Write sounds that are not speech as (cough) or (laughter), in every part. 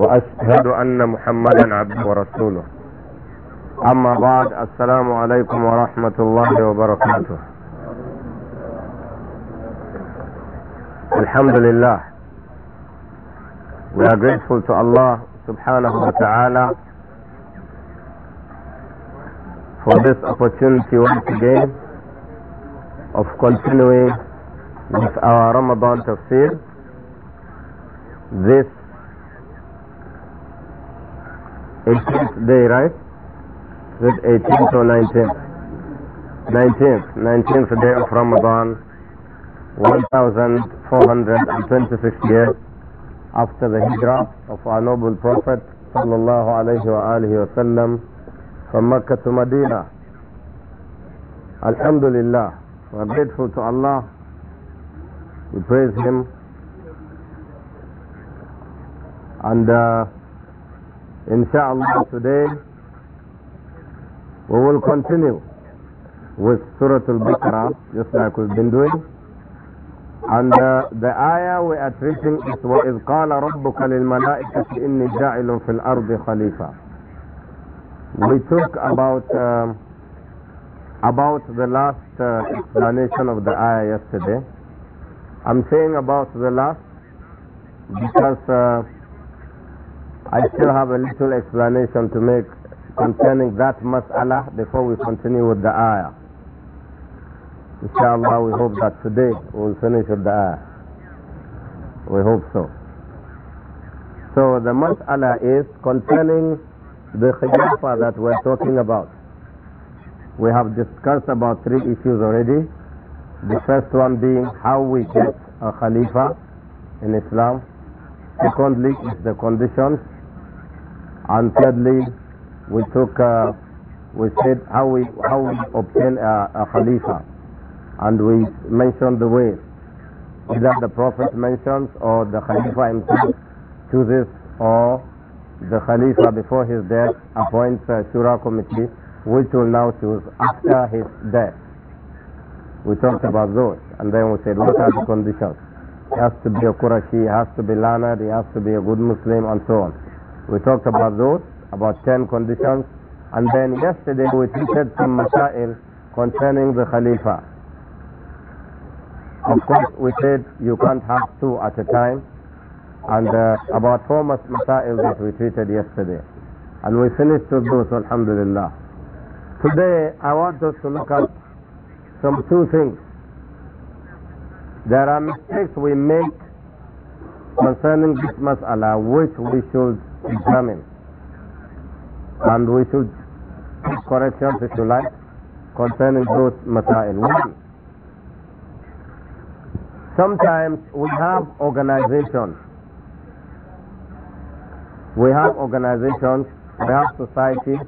وأشهد أن محمدا عبده ورسوله أما بعد السلام عليكم ورحمة الله وبركاته الحمد لله We are grateful to Allah subhanahu wa ta'ala for this opportunity once again of continuing with our Ramadan tafsir. This 18th day, right? Is 18th or 19th? 19th, 19th day of Ramadan, 1426 years after the hijrah of our noble Prophet sallallahu alayhi wa alihi wa sallam from Mecca to Medina. Alhamdulillah, we are grateful to Allah, we praise Him and uh, Inshallah today we will continue with Surah Al-Baqarah just like we've been doing and uh, the ayah we are treating is وَإِذْ rabbuka رَبُّكَ لِلْمَلَائِكَةِ إِنِّي جَعِلٌ فِي We took about uh, about the last uh, explanation of the ayah yesterday I'm saying about the last because uh, I still have a little explanation to make concerning that mas'ala before we continue with the ayah. Inshallah, we hope that today we'll finish with the ayah. We hope so. So the mas'ala is concerning the khilafah that we're talking about. We have discussed about three issues already. The first one being how we get a khalifa in Islam. Secondly is the conditions and thirdly, we took, uh, we said how we, how we obtain a, a Khalifa. And we mentioned the way, either the Prophet mentions or the Khalifa himself chooses or the Khalifa before his death appoints a Shura committee which will now choose after his death. We talked about those and then we said what are the conditions? He has to be a Qurashi, he has to be learned, he has to be a good Muslim and so on. We talked about those, about 10 conditions. And then yesterday we treated some masail concerning the Khalifa. Of course, we said you can't have two at a time. And uh, about four masail that we treated yesterday. And we finished with those, alhamdulillah. Today, I want us to look at some two things. There are mistakes we make concerning this mas'ala which we should examine. And we should take corrections, if you like, concerning those masail. One, sometimes we have organizations. We have organizations, we have societies,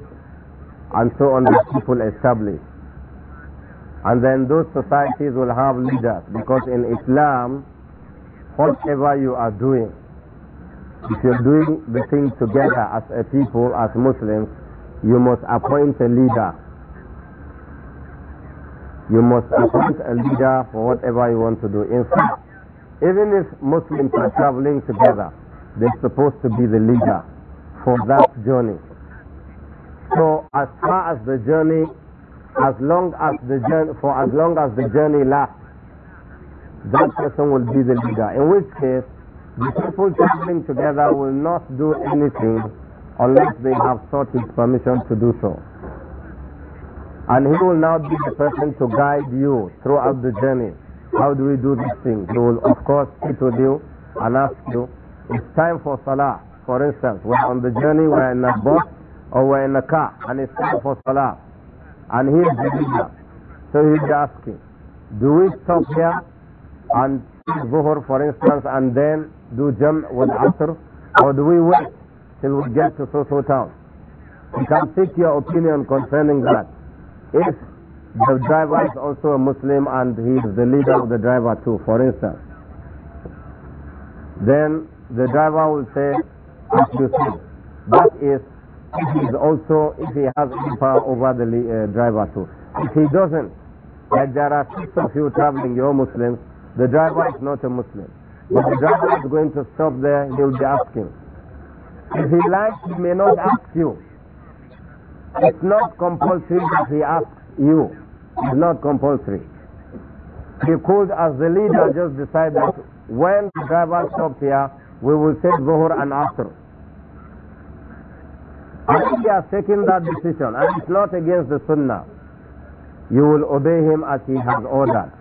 and so on that people establish. And then those societies will have leaders because in Islam, whatever you are doing, if you're doing the thing together as a people, as Muslims, you must appoint a leader. You must appoint a leader for whatever you want to do. In fact, even if Muslims are traveling together, they're supposed to be the leader for that journey. So as far as the journey, as long as the journey, for as long as the journey lasts, that person will be the leader. In which case, the people traveling together will not do anything unless they have sought his permission to do so. And he will now be the person to guide you throughout the journey. How do we do this thing? He will, of course, sit with you and ask you, it's time for salah. For instance, we're on the journey, we're in a bus or we're in a car, and it's time for salah. And he is the leader. So he'll be asking, do we stop here and Zuhr for instance and then do Jam' with Asr or do we wait till we get to so-so town? You can seek your opinion concerning that. If the driver is also a Muslim and he is the leader of the driver too, for instance, then the driver will say, as you see, that is if he is also, if he has any power over the uh, driver too. If he doesn't, like there are six of you traveling, you're Muslims, the driver is not a Muslim. But the driver is going to stop there, he will be asking. If he likes, he may not ask you. It's not compulsory that he asks you. It's not compulsory. He could, as the leader, just decide that when the driver stops here, we will say Zuhur and Asr. And if he has taken that decision, and it's not against the Sunnah, you will obey him as he has ordered.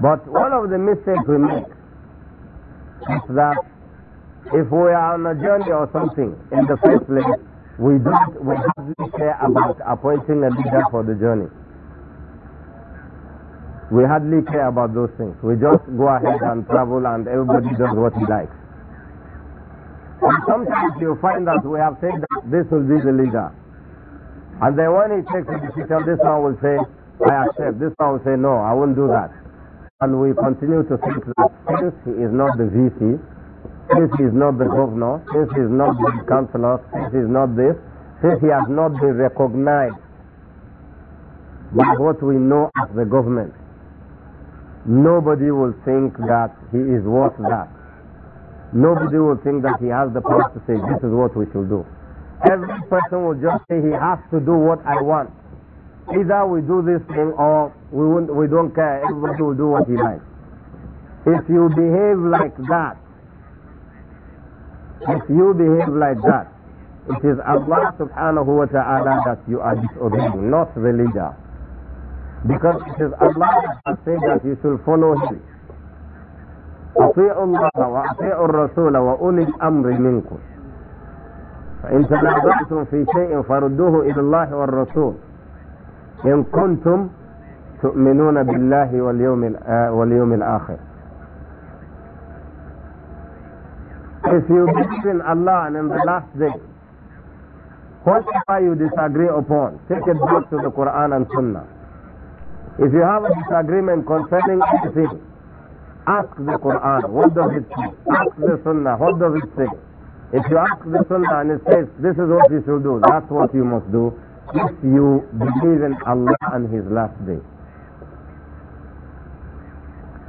But one of the mistakes we make is that if we are on a journey or something in the first place, we don't we hardly care about appointing a leader for the journey. We hardly care about those things. We just go ahead and travel and everybody does what he likes. And sometimes you find that we have said that this will be the leader. And then when he takes the decision, this one will say, I accept. This one will say, no, I won't do that and we continue to think that since he is not the VP, since he is not the governor, since he is not the councillor, since he is not this, since he has not been recognized by what we know as the government, nobody will think that he is worth that. Nobody will think that he has the power to say, this is what we should do. Every person will just say, he has to do what I want. Either we do this thing or we, won't, we don't care, everybody will do what he likes. If you behave like that, if you behave like that, it is Allah subhanahu wa ta'ala that you are disobeying, not religion. Because it is Allah that said that you should follow him. أطيعوا الله وأطيعوا الرسول وأولي الأمر منكم فإن تنازعتم في شيء فردوه إلى الله والرسول إن كنتم تؤمنون بالله واليوم واليوم الآخر If you believe in Allah and in the last day, what whatever you disagree upon, take it back to the Quran and Sunnah. If you have a disagreement concerning anything, ask the Quran, what does it say? Ask the Sunnah, what does it say? If you ask the Sunnah and it says, this is what you should do, that's what you must do, if you believe in Allah and His last day.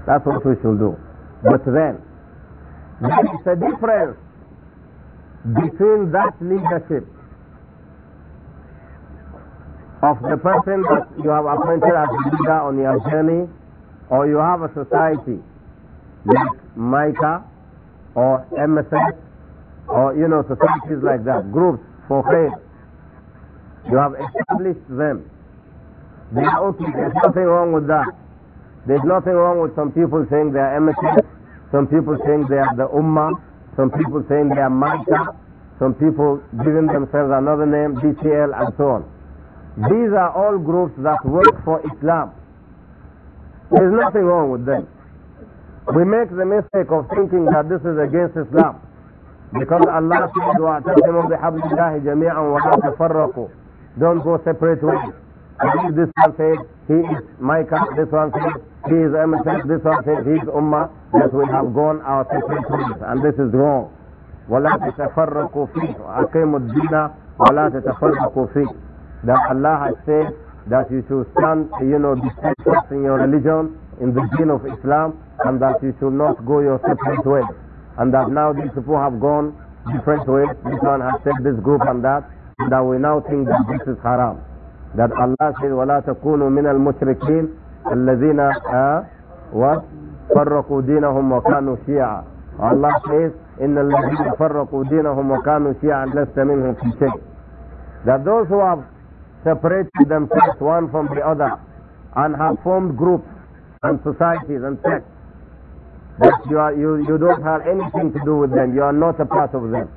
That's what we should do. But then, there is a difference between that leadership of the person that you have appointed as leader on your journey, or you have a society like Micah or MSS, or you know, societies like that, groups for faith you have established them. They are okay. There's nothing wrong with that. There's nothing wrong with some people saying they are emissaries, some people saying they are the Ummah, some people saying they are Maika, some people giving themselves another name, DCL, and so on. These are all groups that work for Islam. There's nothing wrong with them. We make the mistake of thinking that this is against Islam. Because Allah says, وَاعْتَسِمُوا بِحَبْلِ اللَّهِ جَمِيعًا وَلَا تَفَرَّقُوا don't go separate ways. This one says he is my caste, this one says he is MSF, this one says he is Ummah, that we have gone our separate ways and this is wrong. ولا تتفرقوا فيه وأقيموا الدين ولا تتفرقوا فيه that Allah has said that you should stand, you know, steadfast in your religion, in the deen of Islam, and that you should not go your separate ways. And that now these people have gone different ways. This one has said this group and that that we now think that this is haram. That Allah says, وَلَا تَكُونُوا مِنَ الْمُشْرِكِينَ الَّذِينَ فَرَّقُوا دِينَهُمْ وَكَانُوا شِيَعًا Allah says, إِنَّ الَّذِينَ فَرَّقُوا دِينَهُمْ وَكَانُوا شِيَعًا لَسْتَ مِنْهُمْ فِي شَيْءٍ That those who have separated themselves one from the other and have formed groups and societies and sects, that you, are, you, you don't have anything to do with them, you are not a part of them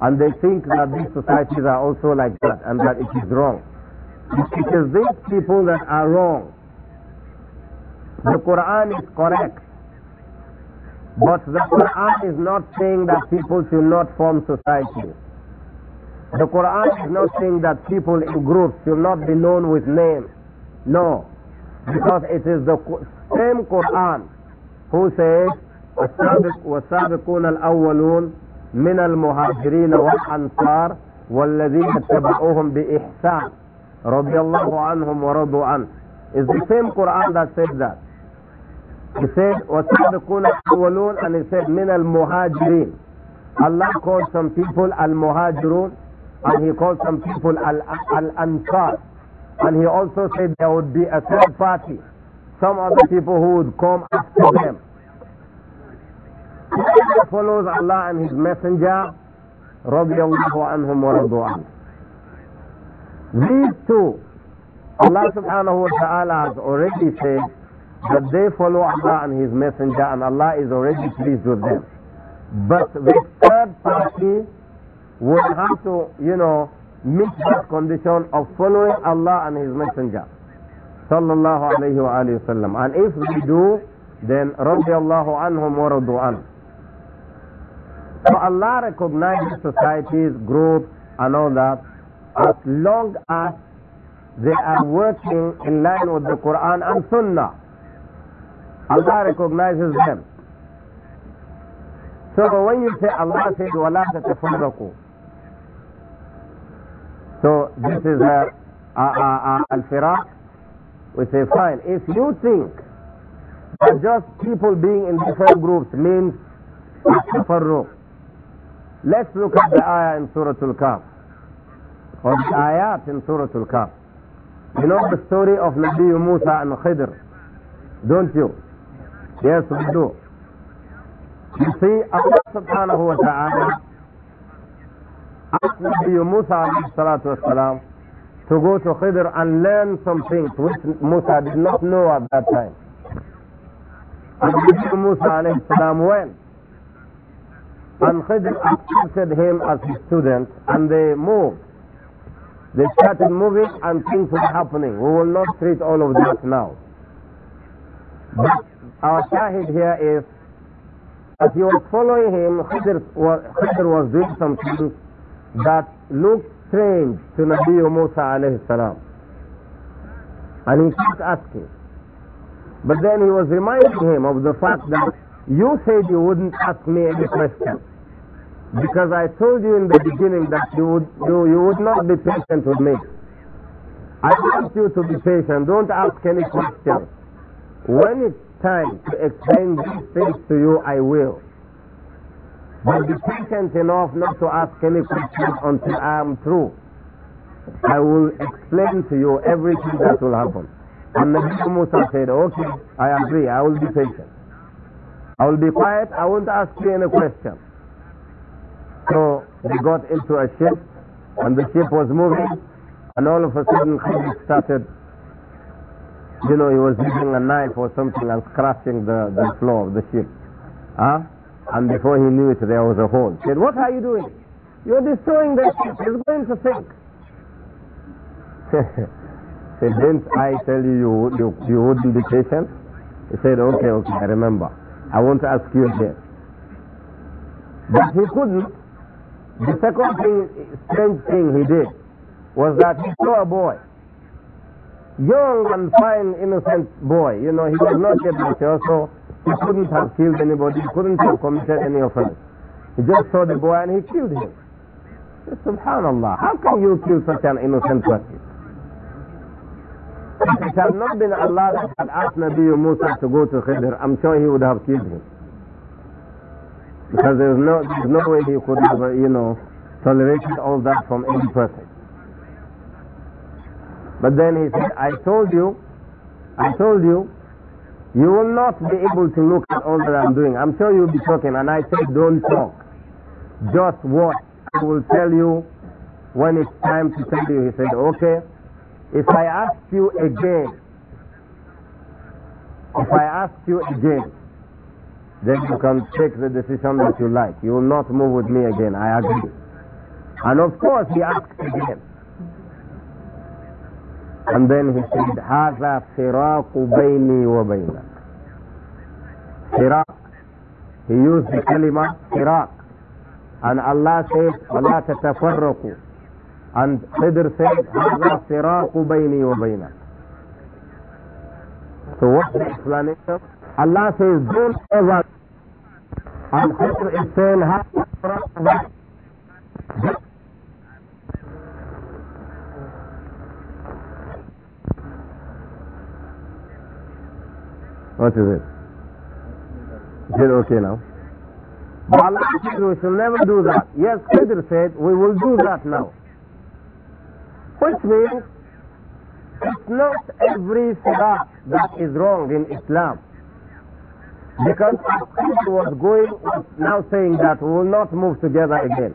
and they think that these societies are also like that and that it is wrong. It is these people that are wrong. The Quran is correct. But the Quran is not saying that people should not form societies. The Quran is not saying that people in groups should not be known with names. No. Because it is the same Quran who says, الْأَوَّلُونَ من المهاجرين والأنصار والذين اتبعوهم بإحسان رضي الله عنهم ورضوا عنه It's the same Quran that said that. He said, وَسَابِقُونَ الْأَوَّلُونَ أن سيد مِنَ الْمُهَاجِرِينَ Allah called some people المهاجرون and he called some people al-ansar. And he also said there would be a third party, some other people who would come after them. Whoever follows Allah and His Messenger, رضي الله عنهم ورضوا These two, Allah subhanahu wa ta'ala has already said that they follow Allah and His Messenger and Allah is already pleased with them. But the third party will have to, you know, meet that condition of following Allah and His Messenger. Sallallahu alayhi wa And if we do, then رضي الله عنهم ورضوا عنه. So Allah recognizes societies, groups and all that as long as they are working in line with the Quran and Sunnah. Allah recognizes them. So when you say Allah says, وَلَا تَتَفَرَّقُوا So this is a, a, a, a al-firaq. We say, fine, if you think that just people being in different groups means تَفَرُّق Let's look at the ayah in Surah Al-Kahf. Or the ayat in Surah Al-Kahf. You know the story of Nabi Musa and Khidr, don't you? Yes, we do. You see, Allah subhanahu wa ta'ala asked Nabi Musa والسلام, to go to Khidr and learn some things which Musa did not know at that time. And Nabi Musa والسلام, went and Khidr accepted him as his student and they moved. They started moving and things were happening. We will not treat all of that now. But our shahid here is as he was following him, Khidr was, Khidr was doing something that looked strange to Nabi Musa alayhi salam. And he kept asking. But then he was reminding him of the fact that you said you wouldn't ask me any questions. Because I told you in the beginning that you would, you, you would not be patient with me. I want you to be patient. Don't ask any questions. When it's time to explain these things to you, I will. But be patient enough not to ask any questions until I am through. I will explain to you everything that will happen. And Nabi Musa said, Okay, I agree, I will be patient. I will be quiet, I won't ask you any questions." So they got into a ship and the ship was moving and all of a sudden Khalid started, you know, he was using a knife or something and scratching the, the floor of the ship. Huh? And before he knew it, there was a hole. He said, what are you doing? You're destroying the ship. It's going to sink. (laughs) he said, didn't I tell you you, you you wouldn't be patient? He said, okay, okay, I remember. I won't ask you again. But he couldn't the second thing, strange thing he did was that he saw a boy, young and fine, innocent boy. You know, he was not yet mature, so he couldn't have killed anybody, he couldn't have committed any offense. He just saw the boy and he killed him. Subhanallah, how can you kill such an innocent person? It had not been Allah that had asked Nabi Musa to go to Khidr, I'm sure he would have killed him. Because there's no, there's no way you could have, uh, you know, tolerated all that from any person. But then he said, I told you, I told you, you will not be able to look at all that I'm doing. I'm sure you'll be talking. And I said, don't talk. Just watch. I will tell you when it's time to tell you. He said, okay. If I ask you again, if I ask you again, then you can take the decision that you like. You will not move with me again. I agree. And of course he asked again. And then he said, هذا فراق بيني وبينك. Firaq. He used the kalima firaq. And Allah says, ولا تتفرقوا. And Khidr said, هذا فراق بيني وبينك. So what's the explanation? Allah says, don't ever and Hesru Israel has that What is it? Is it okay now? But Allah said we shall never do that. Yes, Khidr said we will do that now. Which means it's not every salah that is wrong in Islam. Because he was going, now saying that we will not move together again.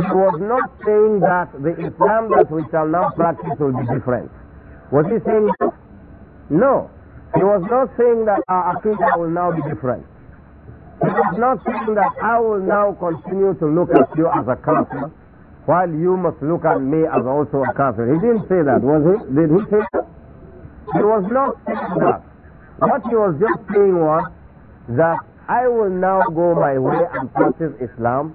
He was not saying that the Islam that we shall now practice will be different. Was he saying that? No. He was not saying that our Aqidah will now be different. He was not saying that I will now continue to look at you as a kafir while you must look at me as also a kafir. He didn't say that, was he? Did he say that? He was not saying that. What he was just saying was that I will now go my way and practice Islam.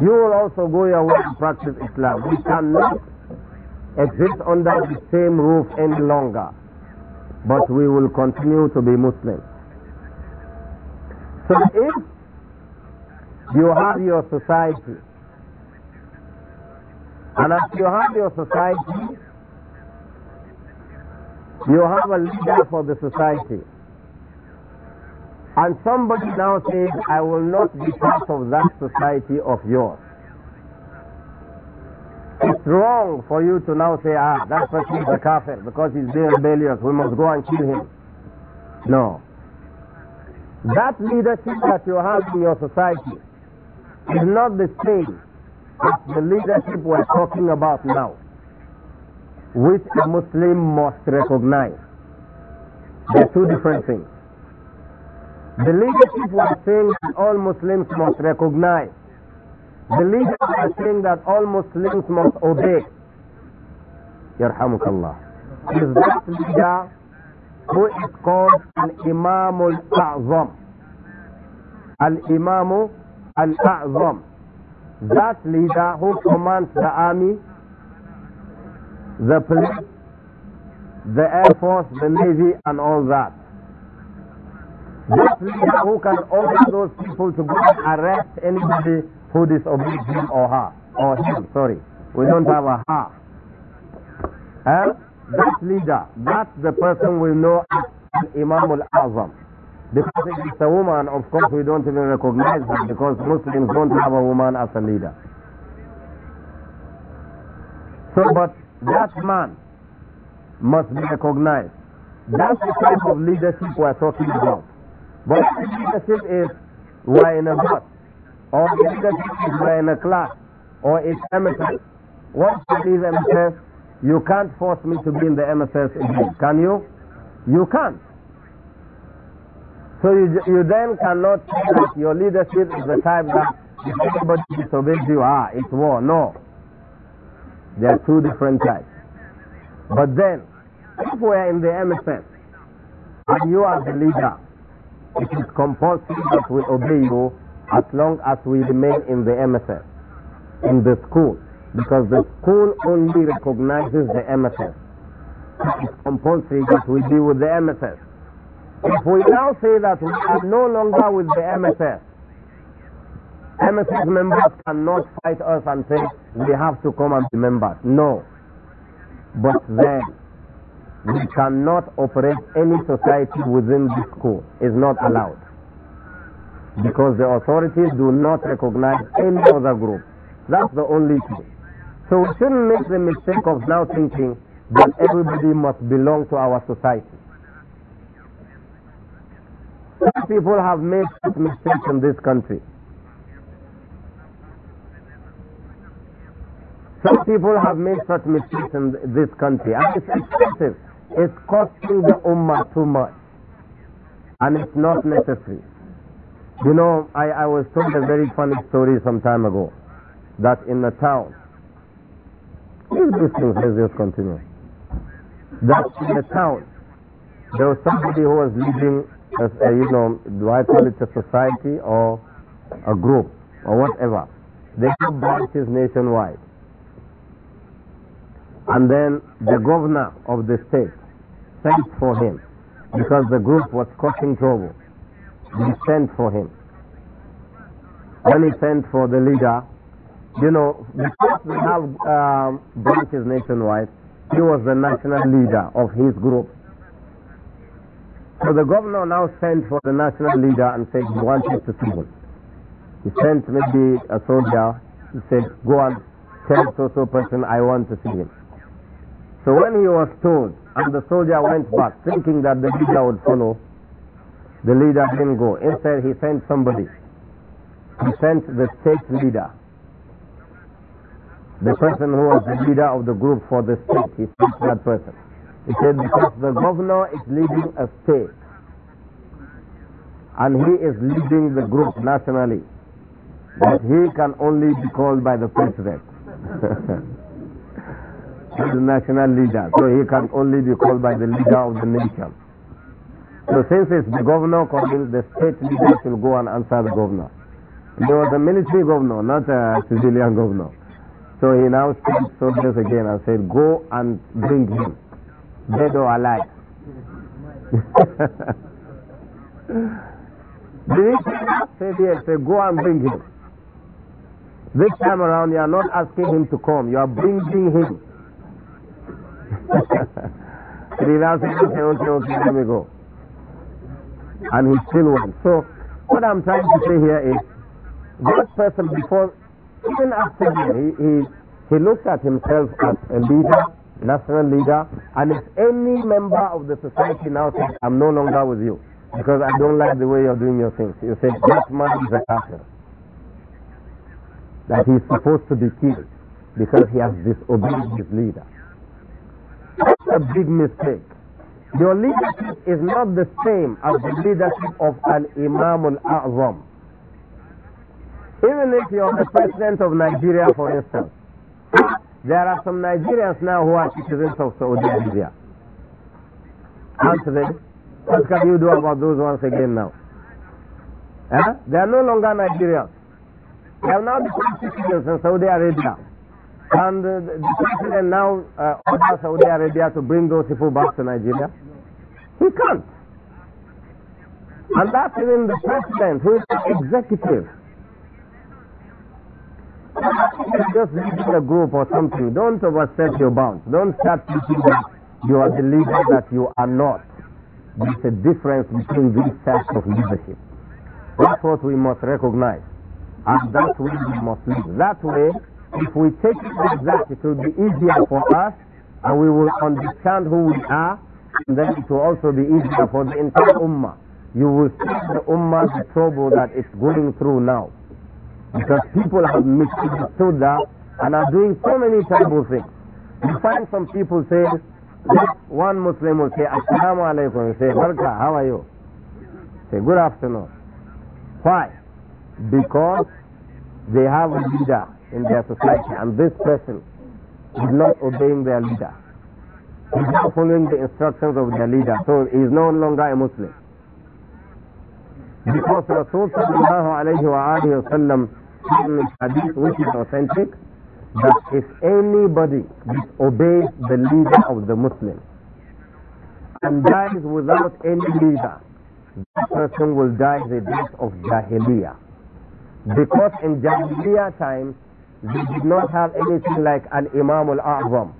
You will also go your way and practice Islam. We cannot exist under the same roof any longer, but we will continue to be Muslims. So if you have your society, and as you have your society, you have a leader for the society. And somebody now says, I will not be part of that society of yours. It's wrong for you to now say, ah, that person is a kafir because he's being rebellious. We must go and kill him. No. That leadership that you have in your society is not the same as the leadership we're talking about now, which a Muslim must recognize. They're two different things. The leadership was saying that all Muslims must recognize. The leaders are saying that all Muslims must obey. Yarhamukallah. Is that leader who is called an Imam al-A'zam? Al-Imam al-A'zam. That leader who commands the army, the police, the air force, the navy and all that. This leader who can order those people to go and arrest anybody who disobeys him or her, or him, sorry. We don't have a her. And that leader, that's the person we know as Imam al-Azam. Because it is a woman, of course we don't even recognize her because Muslims don't have a woman as a leader. So, but that man must be recognized. That's the type of leadership we're talking about. What is leadership is we're in a bus, or leadership is we're in a class, or it's MSS. What is MSS? You can't force me to be in the MSS again, can you? You can't. So you, you then cannot say that your leadership is the type that if anybody disobeys you, ah, it's war. No. There are two different types. But then, if we're in the MSS and you are the leader, it is compulsory that we obey you as long as we remain in the M.S.S. in the school, because the school only recognizes the M.S.S. It's compulsory that we be with the M.S.S. If we now say that we are no longer with the M.S.S., M.S.S. members cannot fight us and say we have to come and be members. No. But then we cannot operate any society within the school. It's not allowed. Because the authorities do not recognize any other group. That's the only thing. So we shouldn't make the mistake of now thinking that everybody must belong to our society. Some people have made such mistakes in this country. Some people have made such mistakes in this country, and it's expensive is costing the ummah too much and it's not necessary. You know, I, I was told a very funny story some time ago that in a town, please, things, let's just continue. That in a town, there was somebody who was leading, a, a, you know, do I call it a society or a group or whatever. They have branches nationwide. And then the governor of the state sent for him because the group was causing trouble. He sent for him. When he sent for the leader, you know, because we have um, branches nationwide, he was the national leader of his group. So the governor now sent for the national leader and said he wanted to see him. He sent maybe a soldier, he said, go and tell so-so person I want to see him. So when he was told and the soldier went back thinking that the leader would follow, the leader didn't go. Instead, he sent somebody. He sent the state leader. The person who was the leader of the group for the state, he sent that person. He said, because the governor is leading a state and he is leading the group nationally, but he can only be called by the president. (laughs) the national leader, so he can only be called by the leader of the nation. So since it's the governor calling, the state leader should go and answer the governor. There was a military governor, not a civilian governor. So he now sent soldiers again and said, go and bring him, dead or alive. (laughs) The he said yes, say, go and bring him. This time around, you are not asking him to come, you are bringing him. Three okay, okay, let me go. And he still won. So, what I'm trying to say here is, that person before, even after him, he, he, he looks at himself as a leader, national leader, and if any member of the society now says, I'm no longer with you, because I don't like the way you're doing your things, you say, that man is a kafir. That he's supposed to be killed because he has disobeyed his leader a big mistake. Your leadership is not the same as the leadership of an Imam al-A'zam. Even if you're the president of Nigeria, for instance, there are some Nigerians now who are citizens of Saudi Arabia. Answer them. What can you do about those ones again now? Eh? They are no longer Nigerians. They have now become citizens in Saudi Arabia. And uh, the president now uh, orders Saudi Arabia to bring those people back to Nigeria. He can't. And that's even the president, who is the executive. Just leading a group or something. Don't overstep your bounds. Don't start thinking that you are the leader that you are not. There's a difference between these types of leadership. That's what we must recognize. And that's way we must live. That way if we take it like that, it will be easier for us and we will understand who we are and then it will also be easier for the entire ummah. You will see the ummah the trouble that it's going through now. Because people have misunderstood that and are doing so many terrible things. You find some people saying, one Muslim will say, Assalamu alaikum, say, Barka, how are you? Say, good afternoon. Why? Because they have a leader in their society, and this person is not obeying their leader. is not following the instructions of their leader, so he is no longer a Muslim. Because Rasul sallallahu alayhi wa alayhi wa sallam in hadith which is authentic, that if anybody disobeys the leader of the Muslim and dies without any leader, that person will die the death of Jahiliyyah. Because in Jahiliyyah times, they did not have anything like an Imam al-A'zam.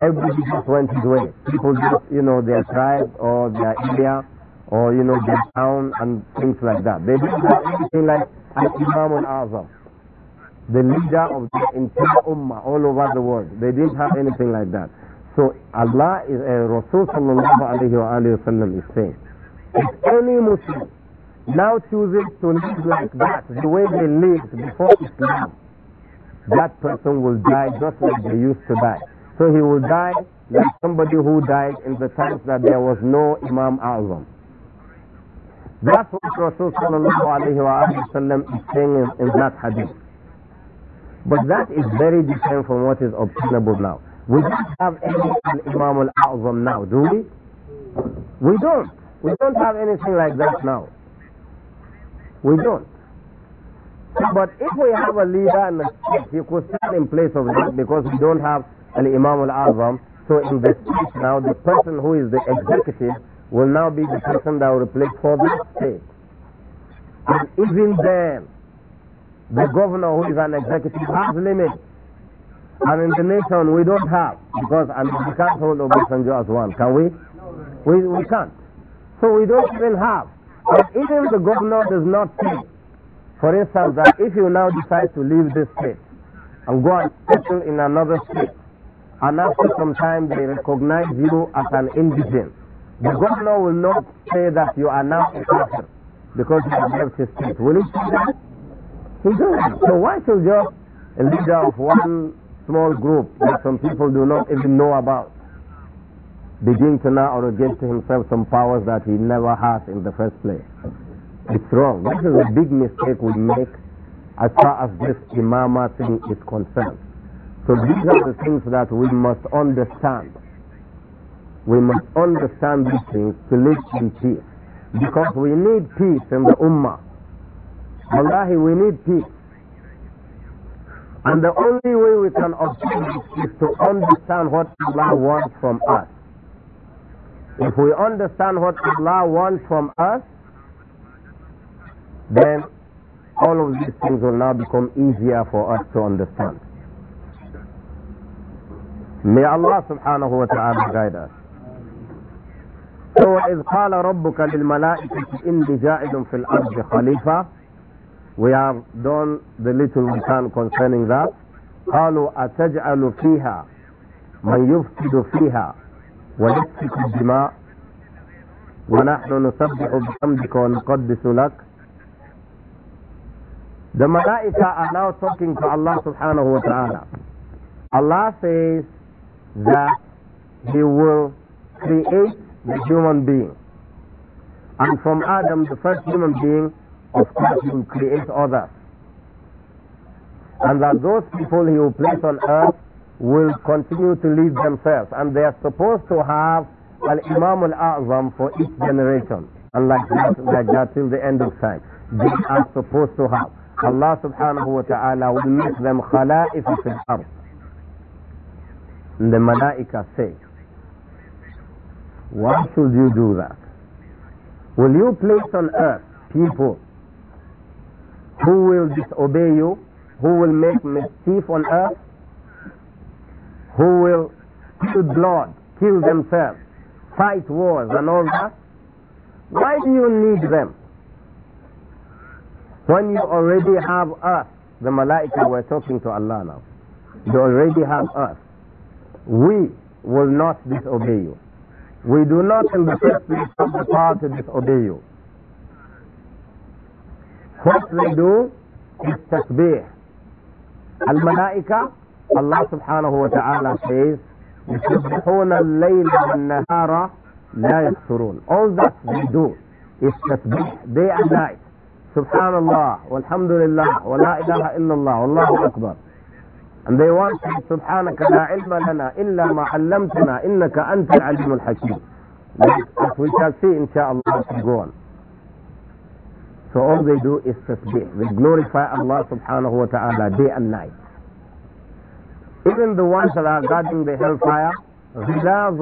Everybody just went his way. People just, you know, their tribe or their area or, you know, their town and things like that. They didn't have anything like an Imam al-A'zam. The leader of the entire ummah all over the world. They didn't have anything like that. So Allah is a uh, Rasul sallallahu alayhi wa is saying, if any Muslim now chooses to live like that, the way they lived before Islam, that person will die just like they used to die. So he will die like somebody who died in the times that there was no Imam Azam. That's what Rasulullah sallallahu is saying in, in that hadith. But that is very different from what is obtainable now. We don't have any Imam al-Azam now, do we? We don't. We don't have anything like that now. We don't. But if we have a leader and a sheikh, he could stand in place of that because we don't have an Imam al-Azam. So in this case now, the person who is the executive will now be the person that will replace for the state. And even then, the governor who is an executive has limits. And in the nation we don't have because we can't hold Obasanjo as one, can we? We we can't. So we don't even have. And even the governor does not think for instance, that if you now decide to leave this state and go and settle in another state, and after some time they recognize you as an indigent, the governor will not say that you are now a person because you have left his state. Will he say that? He does So why should just a leader of one small group that some people do not even know about begin to now arrogate to himself some powers that he never has in the first place? It's wrong. This is a big mistake we make as far as this imama thing is concerned. So these are the things that we must understand. We must understand these things to live in peace. Because we need peace in the ummah. Wallahi, we need peace. And the only way we can obtain it is to understand what Allah wants from us. If we understand what Allah wants from us, then all of these things will now become easier for us to understand. May Allah subhanahu wa ta'ala guide us. So إذ قال ربك للملائكة إني جاعل في الأرض خليفة We have done the little we can concerning that. قالوا أتجعل فيها من يفسد فيها ويسفك الدماء ونحن نسبح بحمدك ونقدس لك the malaika are now talking to Allah subhanahu wa ta'ala. Allah says that He will create the human being. And from Adam, the first human being, of course, He will create others. And that those people He will place on earth will continue to lead themselves. And they are supposed to have an Imam al-A'zam for each generation. And like that, like that till the end of time. They are supposed to have. Allah subhanahu wa ta'ala will make them khala'if fil ard. the malaika say, why should you do that? Will you place on earth people who will disobey you, who will make mischief on earth, who will shed blood, kill themselves, fight wars and all that? Why do you need them? When you already have us, the malaika were talking to Allah now. You already have us. We will not disobey you. We do not in the first place have the power to disobey you. What they do is tasbih. Al-malaika, Allah subhanahu wa ta'ala says, يسبحون الليل والنهار لا يكفرون. All that they do is tasbih day and night. Subhan Allah, walhamdulillah, wa la ilaha illallah, Allahu Akbar. And they want to Subhanaka la ilma lana illa ma allamtana innaka anta al-alim al-hakim. As we shall see inshaAllah go on. So all they do is tasbih. They glorify Allah subhanahu wa ta'ala day and night. Even the ones that are guarding the hellfire, غلاظ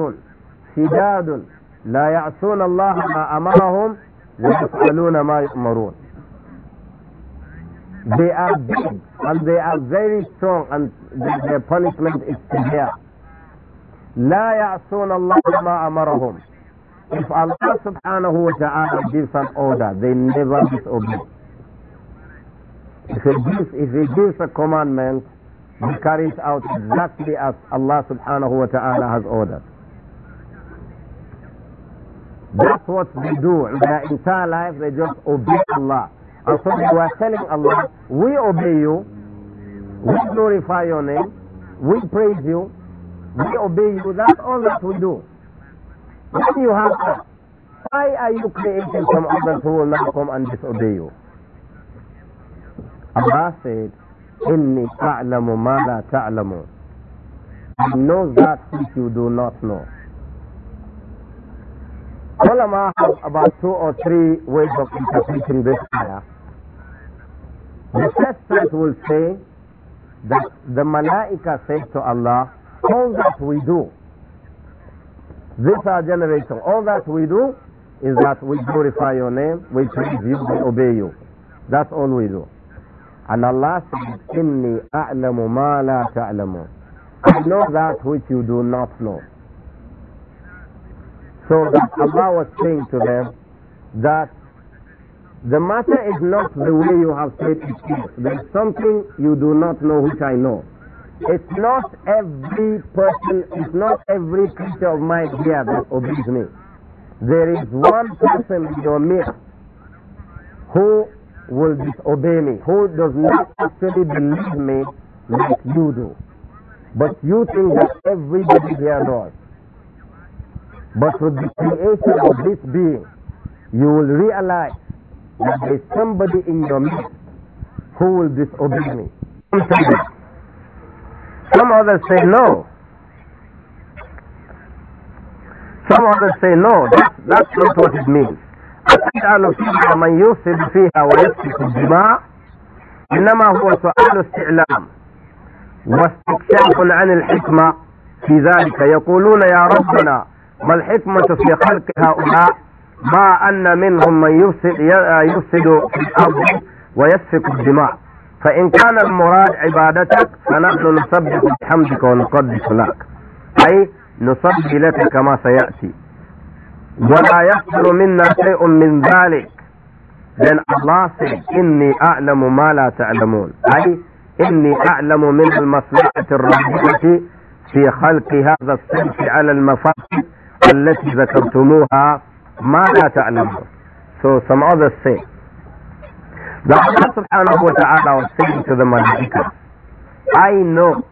شداد لا يعصون الله ما أمرهم ويفعلون ما يؤمرون. They are big and they are very strong and their punishment is severe. لا يعصون الله ما أمرهم If Allah subhanahu wa ta'ala gives an order, they never disobey. If he gives, if he gives a commandment, he carries out exactly as Allah subhanahu wa ta'ala has ordered. That's what they do. In their entire life, they just obey Allah. And so they are telling Allah, we obey you, we glorify your name, we praise you, we obey you, that's all that we do. When you have that, why are you creating some others who will not come and disobey you? Allah said, إِنِّي أَعْلَمُ مَا لَا تَعْلَمُ I know that which you do not know. Ulama have about two or three ways of interpreting this ayah. The Protestant will say that the Malaika said to Allah, all that we do, this our generation, all that we do is that we glorify your name, we praise you, we obey you. That's all we do. And Allah says, Inni a'lamu ma la ta'lamu. I know that which you do not know. So that Allah was saying to them that the matter is not the way you have said it is. There's something you do not know which I know. It's not every person, it's not every creature of mine here that obeys me. There is one person in your midst who will disobey me, who does not actually believe me like you do. But you think that everybody here does. But with the creation of this being, you will realize that there is somebody in your midst who will disobey me. Some others say no. Some others say no, that's, that's not what it means. إنما هو سؤال استعلام واستكشاف عن الحكمة في ذلك يقولون يا ربنا ما الحكمة في خلق هؤلاء مع أن منهم من يفسد آه، يفسد في الأرض ويسفك الدماء فإن كان المراد عبادتك فنحن نسبح بحمدك ونقدس لك أي نصلي لك كما سيأتي ولا يصدر منا شيء من ذلك لأن الله سيد إني أعلم ما لا تعلمون أي إني أعلم من المصلحة الربوية في خلق هذا الصنف على المفاسد التي ذكرتموها so some others say that Allah subhanahu wa ta'ala was saying to the Malaika I know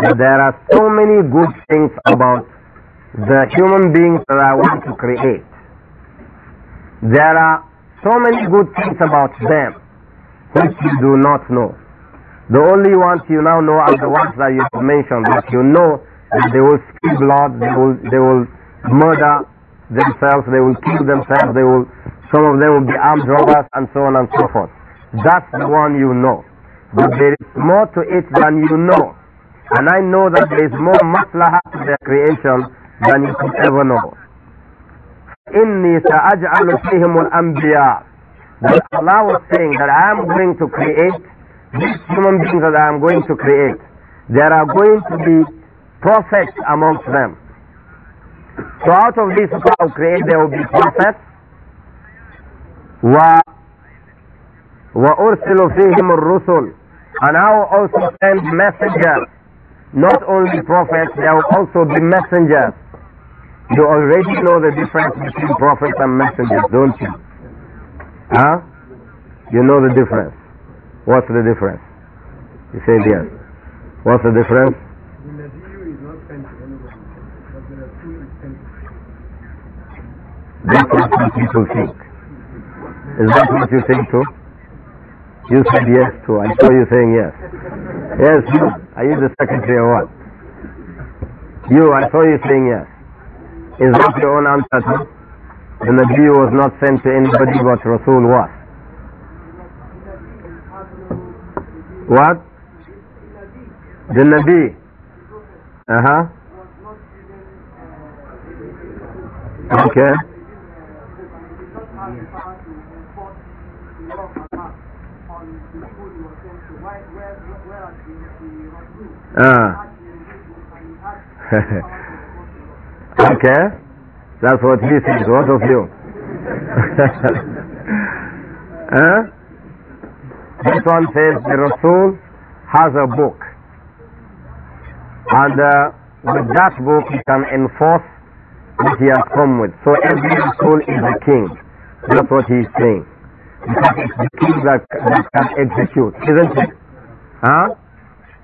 that there are so many good things about the human beings that I want to create there are so many good things about them which you do not know the only ones you now know are the ones that you have mentioned, that you know that they will spill blood, they will, they will murder, themselves, they will kill themselves, they will, some of them will be armed robbers and so on and so forth. That's the one you know. But there is more to it than you know. And I know that there is more maslaha to their creation than you could ever know. إِنِّي سَأَجْعَلُ فِيهِمُ الْأَنْبِيَاءَ That Allah was saying that I am going to create these human beings that I am going to create. There are going to be prophets amongst them. So out of this I'll create there will be prophets wa وأرسل فيهم الرسل and I will also send messengers not only prophets there will also be messengers you already know the difference between prophets and messengers don't you huh you know the difference what's the difference you say yes what's the difference That's what people think. Is that what you think too? You said yes too. I saw you saying yes. Yes, you. Are you the secretary or what? You, I saw you saying yes. Is that your own answer too? The Nabi was not sent to anybody but Rasul was. What? The Nabi. Uh huh. Okay. Ah. (laughs) okay. That's what he says. What of you? (laughs) huh? This one says the Rasul has a book. And uh, with that book he can enforce what he has come with. So every Rasul is a king. That's what he is saying. Because it's the king that, that can execute, isn't it? Huh?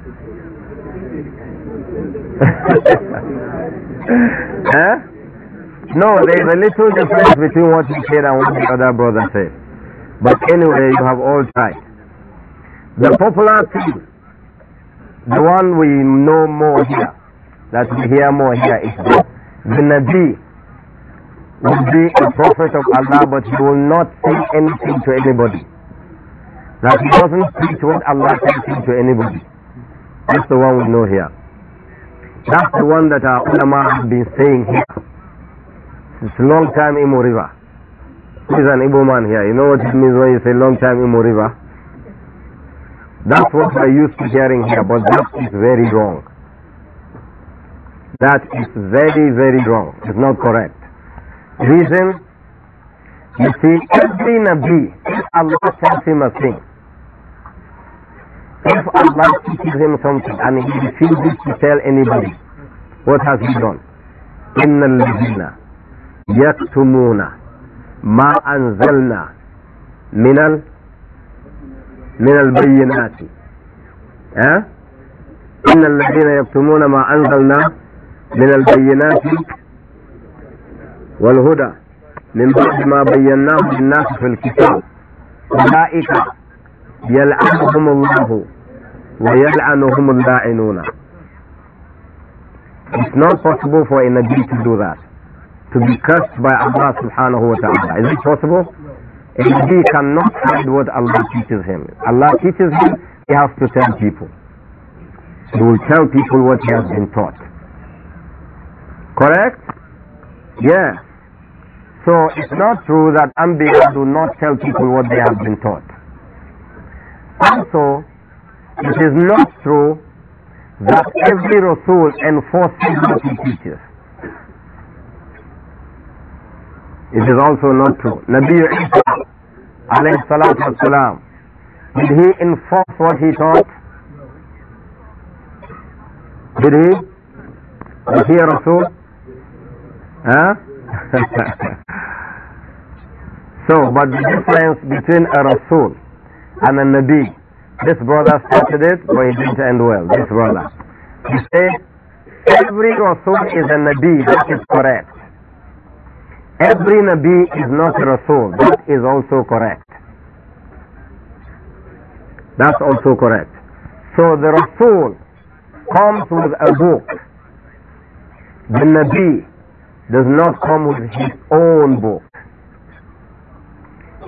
(laughs) huh? No, there is a little difference between what he said and what the other brother said. But anyway, you have all tried. The popular thing, the one we know more here, that we hear more here is that the Nabi will be a prophet of Allah, but he will not say anything to anybody. That he doesn't preach what Allah says to anybody. That's the one we know here. That's the one that our ulama have been saying here. It's a long time Imo River. He's an Igbo man here. You know what it means when you say long time Imo River? That's what we're used to hearing here, but that is very wrong. That is very, very wrong. It's not correct. Reason, you see, every Nabi, Allah tells him a thing. If Allah teaches him something and he refuses to tell anybody, what has he done? إن الذين يكتمون ما أنزلنا من ال من البينات أه؟ إن الذين يكتمون ما أنزلنا من البينات والهدى من بعد ما بيناه للناس في الكتاب أولئك يلعنهم الله ويلعنهم It's not possible for a Nabi to do that. To be cursed by Allah subhanahu wa ta'ala. Is it possible? A Nabi cannot hide what Allah teaches him. Allah teaches him, he has to tell people. He will tell people what he has been taught. Correct? Yes. So it's not true that Anbiya do not tell people what they have been taught. Also, it is not true that every Rasul enforces what he teaches. It is also not true. Nabi Isa, alayhi salatu wasalam, did he enforce what he taught? Did he? Was he a Rasul? Huh? (laughs) so, but the difference between a Rasul and the Nabi. This brother started it, but it didn't end well. This brother. He said, every Rasul is a Nabi. That is correct. Every Nabi is not a Rasul. That is also correct. That's also correct. So the Rasul comes with a book. The Nabi does not come with his own book.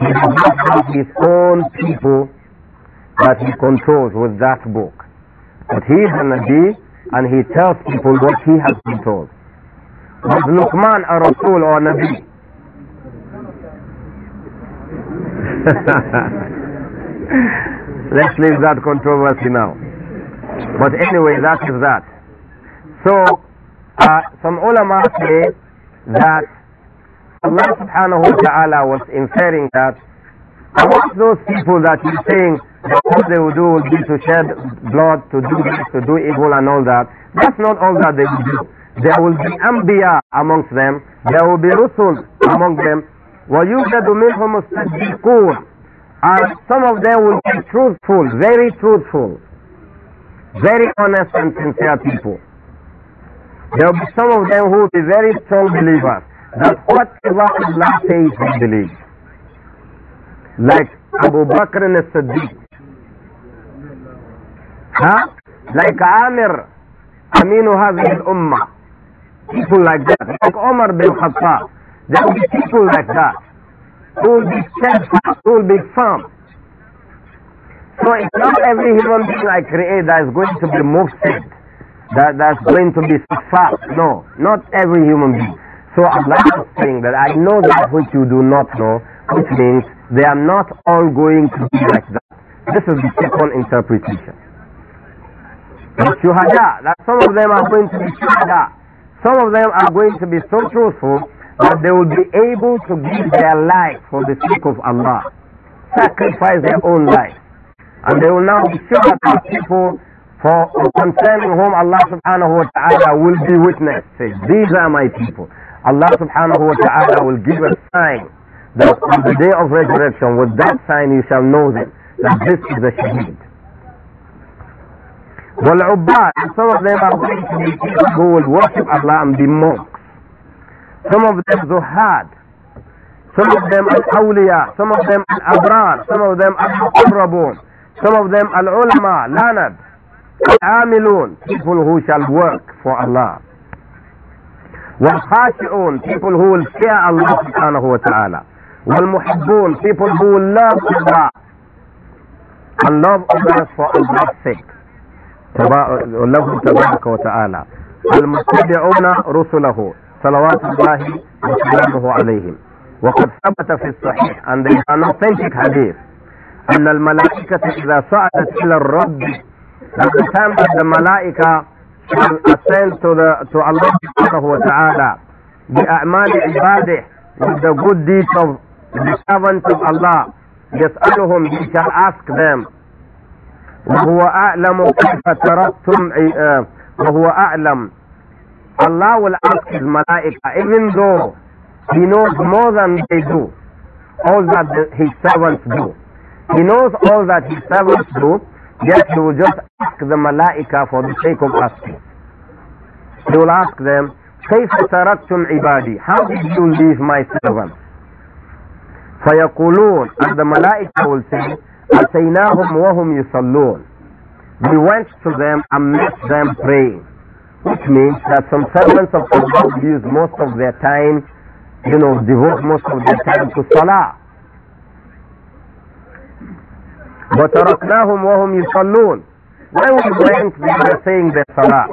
He does not have his own people that he controls with that book. But he is a Nabi and he tells people what he has been told. Was Luqman a Rasul or a Nabi? (laughs) Let's leave that controversy now. But anyway, that is that. So, uh, some ulama say that Allah subhanahu wa ta'ala was inferring that amongst those people that he's saying that what they will do will be to shed blood, to do this, to do evil and all that, that's not all that they will do. There will be Anbiya amongst them, there will be Rusul among them, وَيُوجَدُ مِنْهُمُ الصَّدِّقُونَ And some of them will be truthful, very truthful, very honest and sincere people. There will be some of them who will be very strong believers. That's what Allah says we believe. Like Abu Bakr and Siddiq. Huh? Like Amir, Aminu Hazil Ummah. People like that. Like Omar bin Khattab. There will be people like that. Who will be steadfast, who will be firm. So it's not every human being I create that is going to be moved, that, that's going to be success. No, not every human being. So i like to saying that I know that which you do not know, which means they are not all going to be like that. This is the second interpretation. Shuhada, that some of them are going to be shuhada. Some of them are going to be so truthful that they will be able to give their life for the sake of Allah, sacrifice their own life. And they will now be shuhada people for concerning whom Allah subhanahu wa ta'ala will be witness. Say, these are my people. Allah subhanahu wa ta'ala will give a sign that on the day of resurrection, with that sign you shall know them, that this is the shaheed. والعباد and some of them are going to be people who will worship Allah and be monks. Some of them zuhad. Some of them al-awliya. Some of them al-abrar. Some of them al-muqarrabun. Some of them al-ulama, lanad, al-amilun, people who shall work for Allah. والخاشعون people who will fear Allah سبحانه وتعالى والمحبون people who will love Allah and love others for Allah's sake الله تبارك وتعالى المتبعون رسله صلوات الله وسلامه عليهم وقد ثبت في الصحيح عن an authentic hadith أن الملائكة إذا صعدت إلى الرب لقد تمت الملائكة can ascend to, the, to Allah subhanahu wa ta'ala the a'mal ibadah with the good deeds of the servants of Allah يسألهم he shall ask them وهو أعلم كيف تركتم وهو أعلم Allah will ask his malaika even though he knows more than they do all that his servants do he knows all that his servants do Yet you will just ask the malaika for the sake of asking. You will ask them, كيف تركتم عبادي? How did you leave my servants? فيقولون and the malaika will say, أتيناهم وهم We went to them and met them praying. Which means that some servants of Allah use most of their time, you know, devote most of their time to salah. وتركناهم وهم يصلون when we went we were saying their salah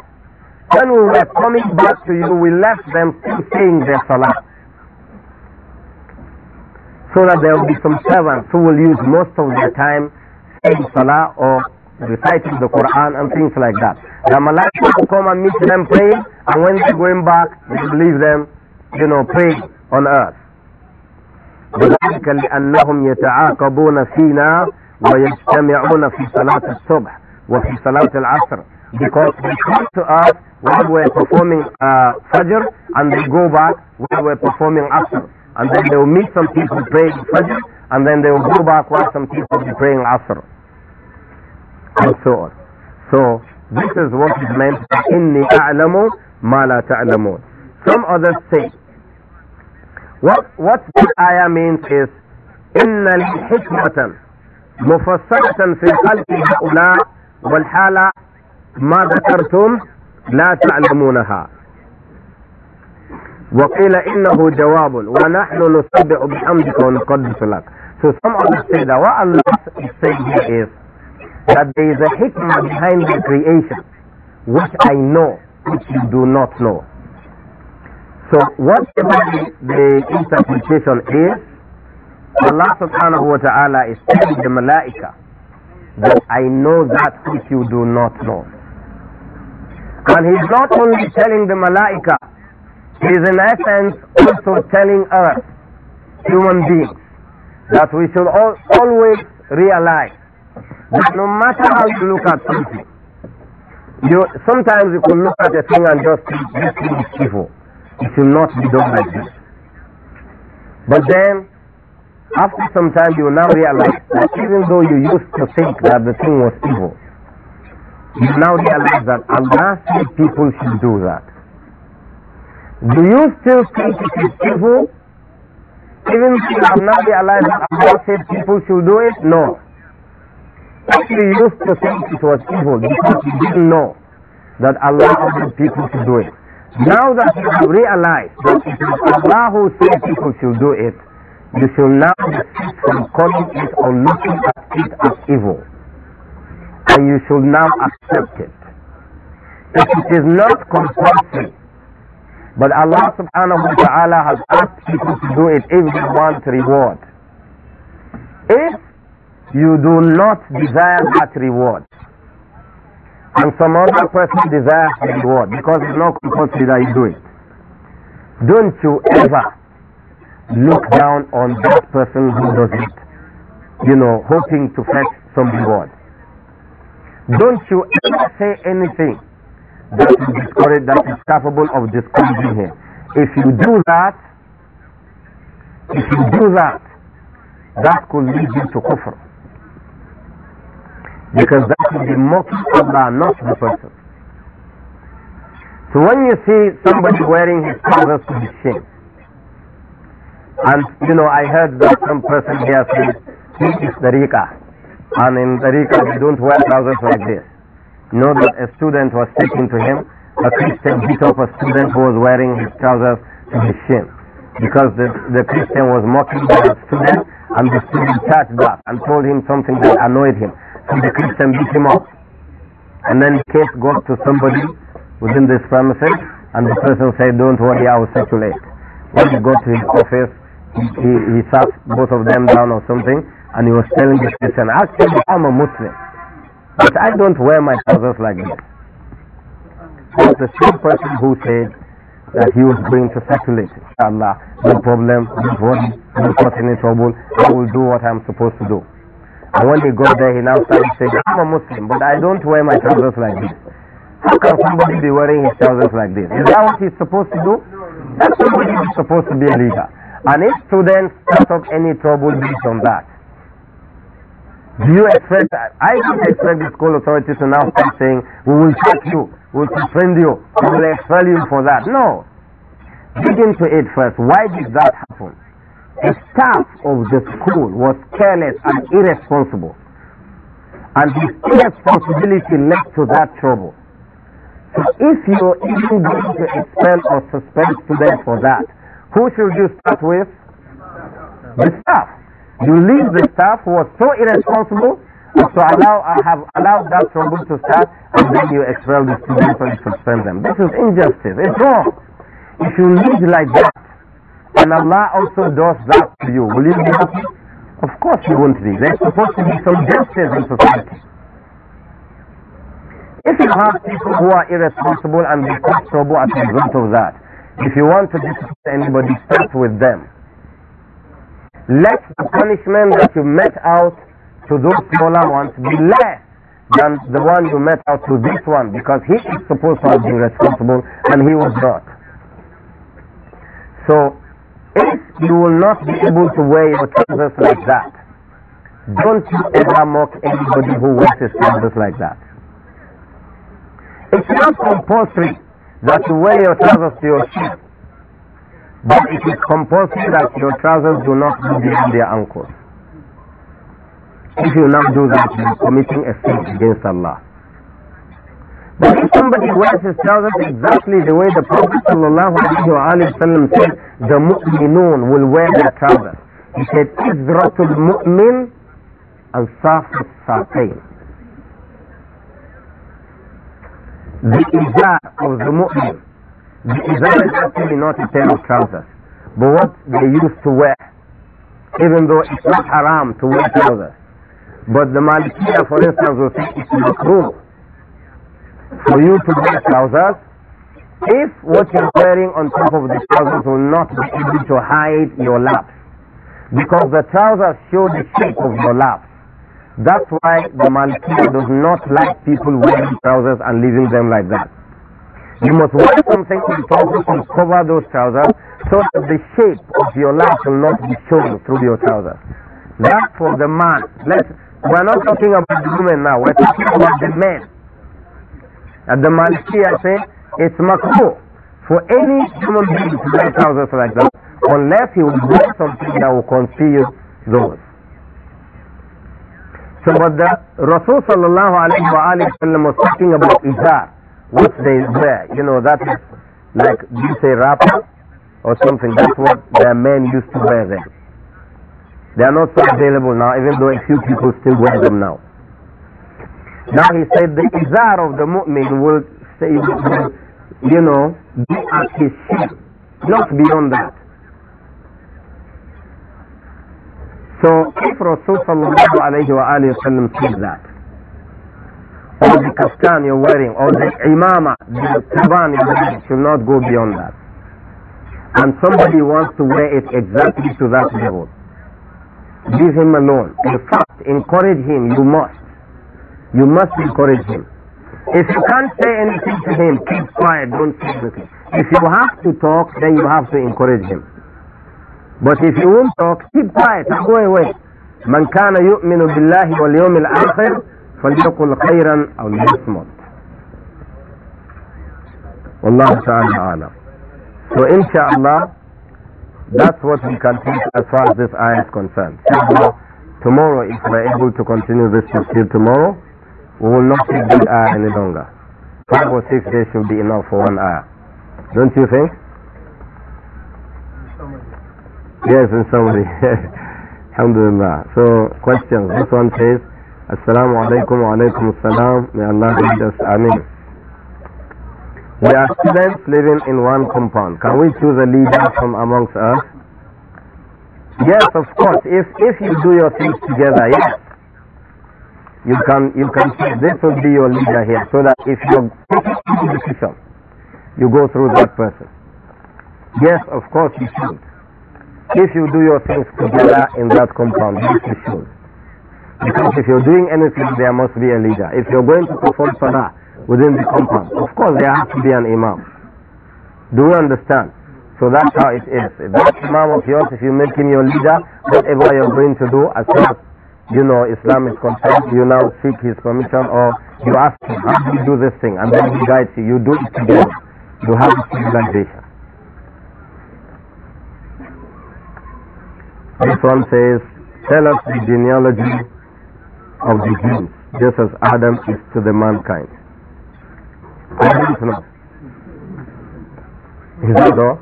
when we were coming back to you we left them still saying their salah so that there will be some servants who will use most of their time saying salah or reciting the Quran and things like that. The malakas will come and meet them praying, and when they're going back, they leave them, you know, praying on earth. ويجتمعون في صلاة الصبح وفي صلاة العصر because they come to us while we're performing uh, Fajr and they go back while we're performing Asr and then they will meet some people praying Fajr and then they will go back while some people be praying Asr and so on. So this is what is meant by إِنِّي أَعْلَمُ مَا لَا تَعْلَمُونَ Some others say what, what this ayah means is إِنَّ لِي حِكْمَةً مفصلة في خلق هؤلاء والحالة ما ذكرتم لا تعلمونها وقيل إنه جواب ونحن بحمدك ونقدس لك So some of us say that what Allah is saying here is that there is a hikmah behind the creation which I know, which you do not know. So what the interpretation is, Allah subhanahu wa ta'ala is telling the malaika that I know that which you do not know. And he's not only telling the malaika, he is in essence also telling us, human beings, that we should all, always realize that no matter how you look at something, you, sometimes you can look at a thing and just think this thing is evil. It should not be done like this. But then after some time, you now realize that even though you used to think that the thing was evil, you now realize that Allah said people should do that. Do you still think it is evil? Even if you have not realized that Allah said people should do it? No. If you used to think it was evil because you didn't know that Allah ordered people to do it. Now that you have realized that it is Allah who said people should do it, you shall now desist from calling it or looking at it as evil. And you shall now accept it. If it is not compulsory, but Allah subhanahu wa ta'ala has asked people to do it if they want reward. If you do not desire that reward, and some other person desires the reward because it's not compulsory that you do it, don't you ever look down on that person who does it, you know, hoping to fetch some reward. Don't you ever say anything that is discouraged, that is capable of discouraging him. If you do that, if you do that, that could lead you to kufr. Because that would be mocking Allah, not the person. So when you see somebody wearing his trousers to the shin, and, you know, I heard that some person here said, he is Tariqa. And in Tariqa, they don't wear trousers like this. You know that a student was speaking to him, a Christian beat up a student who was wearing his trousers to his shin. Because the, the Christian was mocking the student, and the student charged back and told him something that annoyed him. So the Christian beat him up. And then the case got to somebody within this premises, and the person said, don't worry, I will settle it. When he got to his office, he, he, sat both of them down or something and he was telling this person, actually I'm a Muslim, but I don't wear my trousers like this. But the same person who said that he was going to circulate, inshallah, no problem, no body, no cause any trouble, I will do what I'm supposed to do. And when he got there, he now started saying, I'm a Muslim, but I don't wear my trousers like this. How can somebody be wearing his trousers like this? Is that what he's supposed to do? That's somebody who's supposed to be a leader. And if students start up any trouble based on that, do you expect that? I don't expect the school authorities to now start saying, we will check you, we will suspend you, we will expel you for that. No. Dig into it first. Why did that happen? The staff of the school was careless and irresponsible. And his irresponsibility led to that trouble. So if you're even going to expel or suspend students for that, who should you start with? The staff. You leave the staff who was so irresponsible so allow I uh, have allowed that trouble to start and then you expel the students and suspend them. This is injustice. It's wrong. If you lead like that and Allah also does that to you, will you be happy? Of course you won't be. There's supposed to be some justice in society. If you have people who are irresponsible and they cause trouble as a result of that, if you want to discipline anybody, start with them. Let the punishment that you met out to those smaller ones be less than the one you met out to this one because he is supposed to have been responsible and he was not. So, if you will not be able to wear your trousers like that, don't you ever mock anybody who wears his trousers like that. It's not compulsory that you wear your trousers to your feet. But it is compulsory that your trousers do not go beyond their ankles. If you now do that, you are committing a sin against Allah. But if somebody wears his trousers exactly the way the Prophet said, the mu'minun will wear their trousers. He said, Izratul mu'min and safat saqayn. the izar of the mu'min. The izar is actually not a pair of trousers, but what they used to wear, even though it's not haram to wear trousers. But the Malikiya, for instance, will say it's makruh for you to wear trousers if what you're wearing on top of the trousers will not be able to hide your laps. Because the trousers show the shape of your laps. That's why the Malikiya does not like people wearing trousers and leaving them like that. You must wear something to trousers to cover those trousers so that the shape of your life will not be shown through your trousers. That's for the man. Let's, we're not talking about the women now, we're talking about the men. And the Malikiya say it's makruh for any human being to wear trousers like that unless he will wear something that will conceal those. So but the Rasul sallallahu alayhi wa was talking about izar, what they wear. You know, that is like, do you say wrapper or something? That's what their men used to wear then. They are not so available now, even though a few people still wear them now. Now he said the izar of the mu'min will say, you know, be at his shape, not beyond that. So if Rasul sallallahu said that, or the kaftan you're wearing, or the imama, the turban you're wearing, should not go beyond that. And somebody wants to wear it exactly to that level. Leave him alone. In fact, encourage him. You must. You must encourage him. If you can't say anything to him, keep quiet. Don't say anything. If you have to talk, then you have to encourage him. But if you won't talk, keep quiet and go away. من كان يؤمن بالله واليوم الآخر فليقل خيرا أو ليصمت. والله تعالى أعلم. So inshallah, that's what we can teach as far as this ayah is concerned. Tomorrow, if we're able to continue this till tomorrow, we will not take this ayah any longer. Five or six days should be enough for one ayah. Don't you think? Yes, and somebody. (laughs) Alhamdulillah. So, questions. This one says, Assalamu alaikum wa alaikum assalam. May Allah guide us. Ameen. We are students living in one compound. Can we choose a leader from amongst us? Yes, of course. If if you do your things together, yes, you can you can say this will be your leader here, so that if you're taking decision, you go through that person. Yes, of course you should if you do your things together in that compound, this is sure. Because if you're doing anything, there must be a leader. If you're going to perform salah within the compound, of course there has to be an imam. Do you understand? So that's how it is. If that imam of yours, if you make him your leader, whatever you're going to do, as far as you know Islam is concerned, you now seek his permission or you ask him, how do you do this thing? And then he guides you. You do it together. You have a civilization. This one says, tell us the genealogy of the Jews, just as Adam is to the mankind. I don't know. Is that all?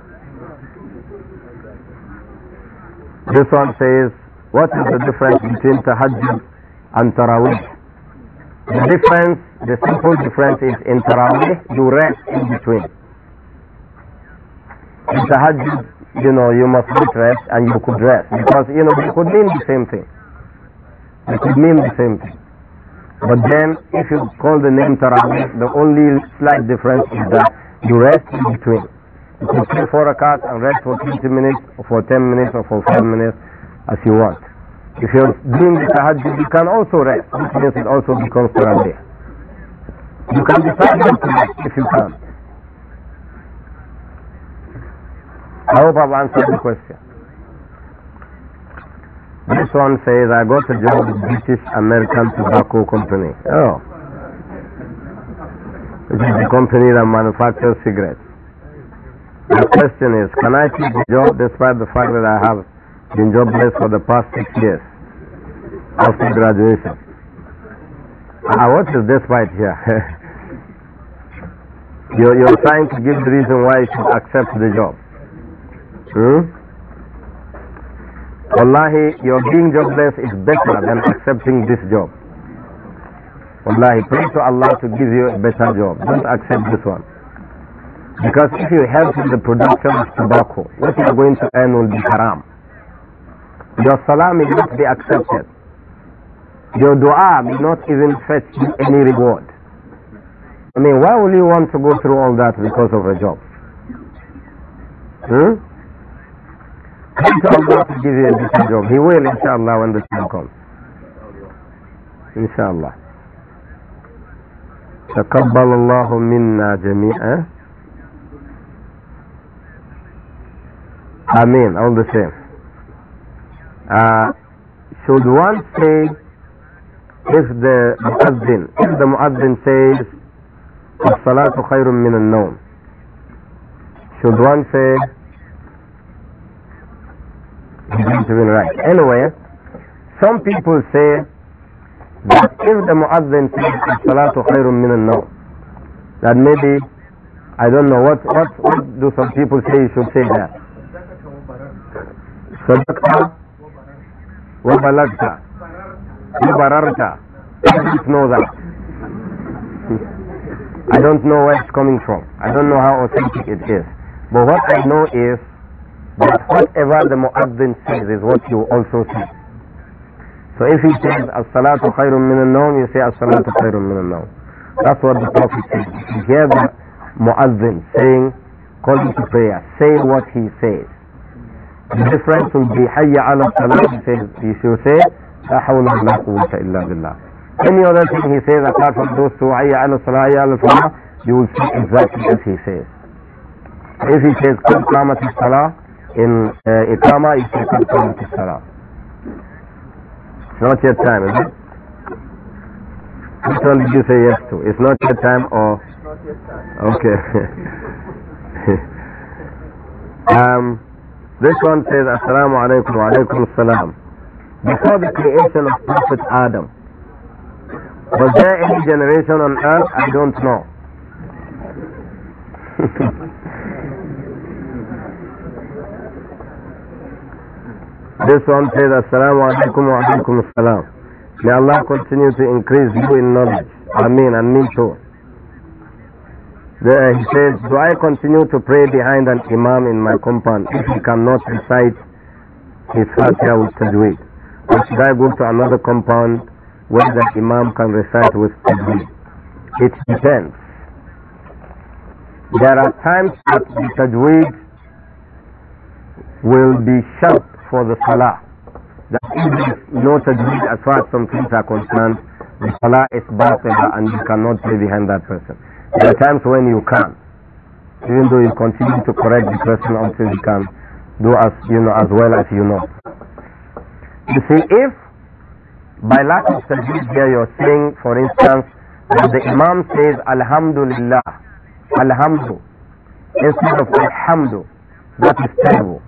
This one says, what is the difference between Tahajjud and Taraweeh? The difference, the simple difference is in Taraweeh, you rest in between. In Tahajjud, you know, you must be dressed and you could dress. Because, you know, it could mean the same thing. It could mean the same thing. But then, if you call the name Tarawih, the only slight difference is that you rest in between. You could pray four rakats and rest for 20 minutes, or for 10 minutes, or for 5 minutes, as you want. If you're doing the tahajjud, you can also rest, which means it also becomes Tarawih. You can decide not to rest if you can. I hope I've answered the question. This one says, I got a job with British American Tobacco Company. Oh. This is the company that manufactures cigarettes. The question is, can I keep the job despite the fact that I have been jobless for the past six years after graduation? Ah, what is despite here? you're, (laughs) you're trying to give the reason why you should accept the job. Hmm? Wallahi, your being jobless is better than accepting this job. Wallahi, pray to Allah to give you a better job. Don't accept this one. Because if you help in the production of tobacco, what you are going to earn will be haram. Your salam will not be accepted. Your dua will not even fetch you any reward. I mean, why will you want to go through all that because of a job? Hmm? Come to Allah to give you a job. He will, inshallah, when the time comes. Inshallah. تقبل الله منا جميعا Ameen, all the same. Uh, should one say if the muazzin, if the muazzin says الصلاة خير من النوم should one say begins to be right. Anyway, some people say that if the muazzin says salatu khairun min al that maybe I don't know what what what do some people say you should say that. Sadaqta wa balagta wa bararta. I don't know that. I don't know where it's coming from. I don't know how authentic it is. But what I know is but whatever the mu'adhin says is what you also say. So if he says, As-salatu khairun min al-nawm, you say, As-salatu khairun min al-nawm. That's what the Prophet says. If you hear the mu'adhin saying, calling to prayer, say what he says. The difference will be, Hayya ala salat. he says, you should say, La hawla la quwwata illa billah. Any other thing he says, apart from those two, Hayya ala salat Hayya ala salam, you will see exactly as he says. If he says, Qad qamat salah, in uh, Iqama is second time to Salah. It's not your time, is it? Which one did you say yes to? It's not your time or? It's not yet time. Okay. (laughs) um, this one says, Assalamu alaikum wa alaikum salam. Before the creation of Prophet Adam, was there any generation on earth? I don't know. (laughs) This one says, Assalamu alaikum wa alaikum assalam. May Allah continue to increase you in knowledge. Ameen, and me too. There uh, he says, Do I continue to pray behind an imam in my compound if he cannot recite his fatiha with tajweed? Or should I go to another compound where the imam can recite with tajweed? It depends. There are times that the tajweed will be shut for the salah. That if there is no tajweed as far as some things are concerned, the salah is batila and you cannot play behind that person. There are times when you can, even though you continue to correct the person until you can do as you know as well as you know. You see, if by lack of tajweed here you're saying, for instance, that the Imam says Alhamdulillah, Alhamdu, instead of Alhamdu, that is terrible.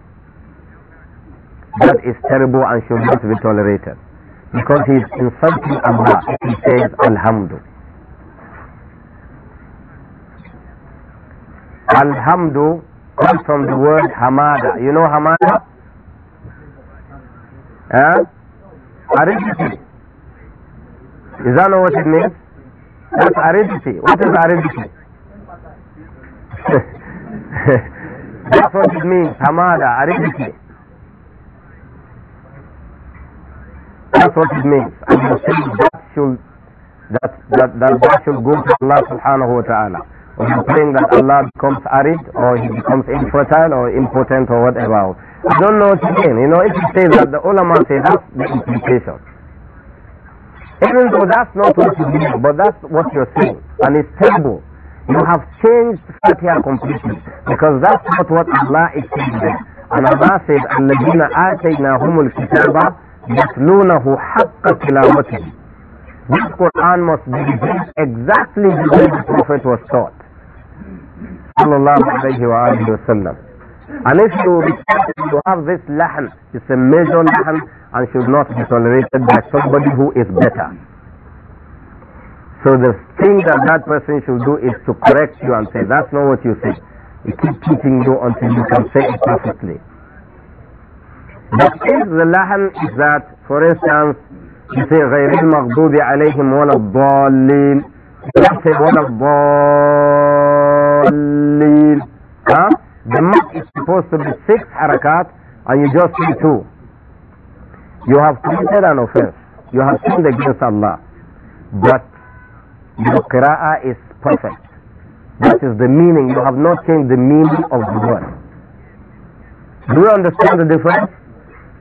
That is terrible and should not be tolerated. Because he is insulting Allah. He says, Alhamdu. Alhamdu comes from the word Hamada. You know Hamada? Huh? Aridity. Is that know what it means? That's aridity. What is aridity? (laughs) That's what it means. Hamada, aridity. That's what it means. And you say that should that that that, that should go to Allah subhanahu wa ta'ala. Or you're praying that Allah becomes arid or he becomes infertile or impotent or whatever. I don't know what you mean. You know, if you say that the ulama say that's the implication. Even though that's not what you mean, but that's what you're saying. And it's terrible. You have changed Fatiha completely. Because that's not what Allah is saying there. And Allah said, الَّذِينَ آتَيْنَاهُمُ الْكِتَابَ يتلونه حق تلاوته This Quran must be exactly the way the Prophet was taught sallallahu alayhi wa alayhi wa And if you request to have this lahan, it's a major lahan and should not be tolerated by somebody who is better. So the thing that that person should do is to correct you and say, that's not what you said. You keep teaching you until you can say it perfectly. But if the lahm is that, for instance, you say غير المغضوب عليهم ولا الضالين you say ولا الضالين huh? The mud is supposed to be six harakat and you just do two. You have committed an offense. You have sinned against Allah. But your qira'ah is perfect. That is the meaning. You have not changed the meaning of the word. Do you understand the difference?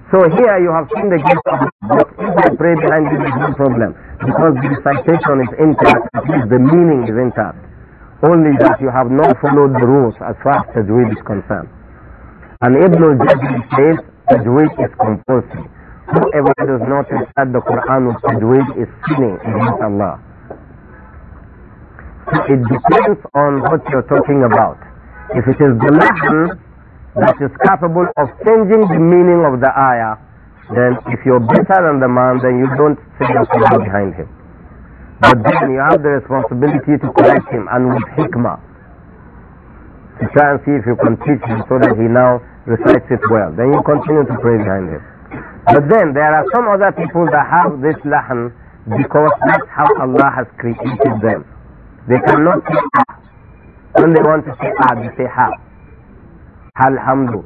So here you have seen the gift of but if I pray this is no problem because the citation is intact, at least the meaning is intact. Only that you have not followed the rules as far as Tajweed is concerned. And Ibn al-Jazri says Tajweed is compulsory. Whoever does not recite the Quran with Tajweed is sinning against Allah. So it depends on what you're talking about. If it is the lesson, that is capable of changing the meaning of the ayah, then if you're better than the man, then you don't say something behind him. But then you have the responsibility to correct him and with hikmah. To try and see if you can teach him so that he now recites it well. Then you continue to pray behind him. But then there are some other people that have this lahan because that's how Allah has created them. They cannot say ah. When they want to say ah, they say ha alhamdu.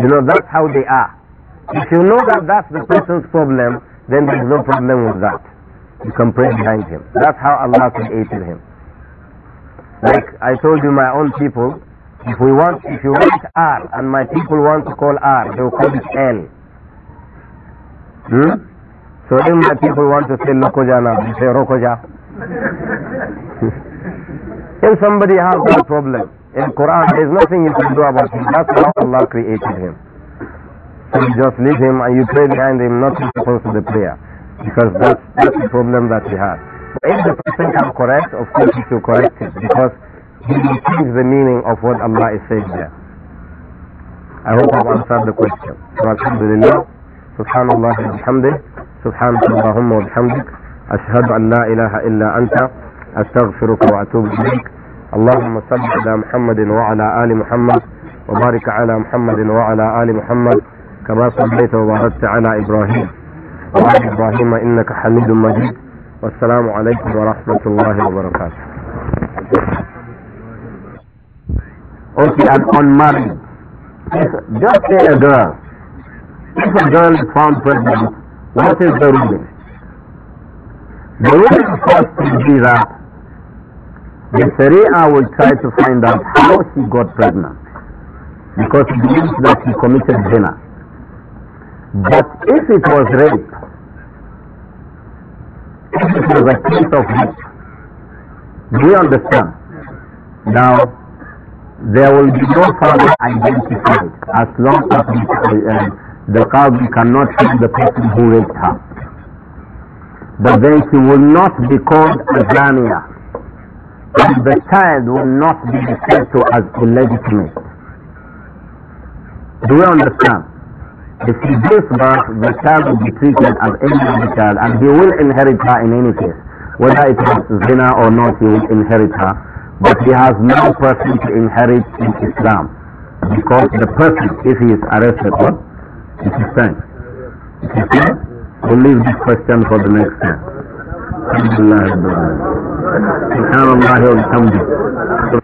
You know, that's how they are. If you know that that's the person's problem, then there's no problem with that. You can pray behind him. That's how Allah created him. Like I told you, my own people, if we want, if you want R, and my people want to call R, they'll call it L. Hmm? So if my people want to say Lokoja now, they say Rokoja. (laughs) if somebody has that problem, in Quran there is nothing you can do about him. That's how Allah created him. So you just leave him and you pray behind him, nothing happens to the prayer. Because that's, that's the problem that he has. But if the person can correct, of course he should correct it because he receives the meaning of what Allah is saying there. I hope I've answered the question. So alhamdulillah, subhanallah alhamdulillah, سبحانك اللهم وبحمدك أشهد أن لا إله إلا أنت أستغفرك وأتوب إليك اللهم صل على محمد وعلى آل محمد وبارك على محمد وعلى آل محمد كما صليت وباركت على إبراهيم وعلى إبراهيم إنك حميد مجيد والسلام عليكم ورحمة الله وبركاته Okay, an unmarried. If Just say a girl. If a girl is found pregnant, what is the reason? The ruling first will be that The Sharia will try to find out how she got pregnant because it means that she committed zina. But if it was rape, if it was a case of rape, we understand? Now, there will be no father identified as long as uh, the Qadi cannot find the person who raped her. But then she will not be called a Zania the child will not be referred to as illegitimate. Do we understand? If he gives birth, the child will be treated as any other child and he will inherit her in any case. Whether it is zina or not, he will inherit her. But he has no person to inherit in Islam. Because the person, if he is arrested, what? It is time. It is time. We'll leave this question for the next time. الحمد لله رب العالمين سبحان الله وبحمده